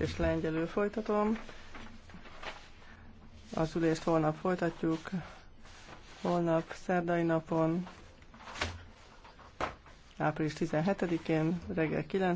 és lengyelül folytatom. Az ülést holnap folytatjuk, holnap szerdai napon, április 17-én reggel 9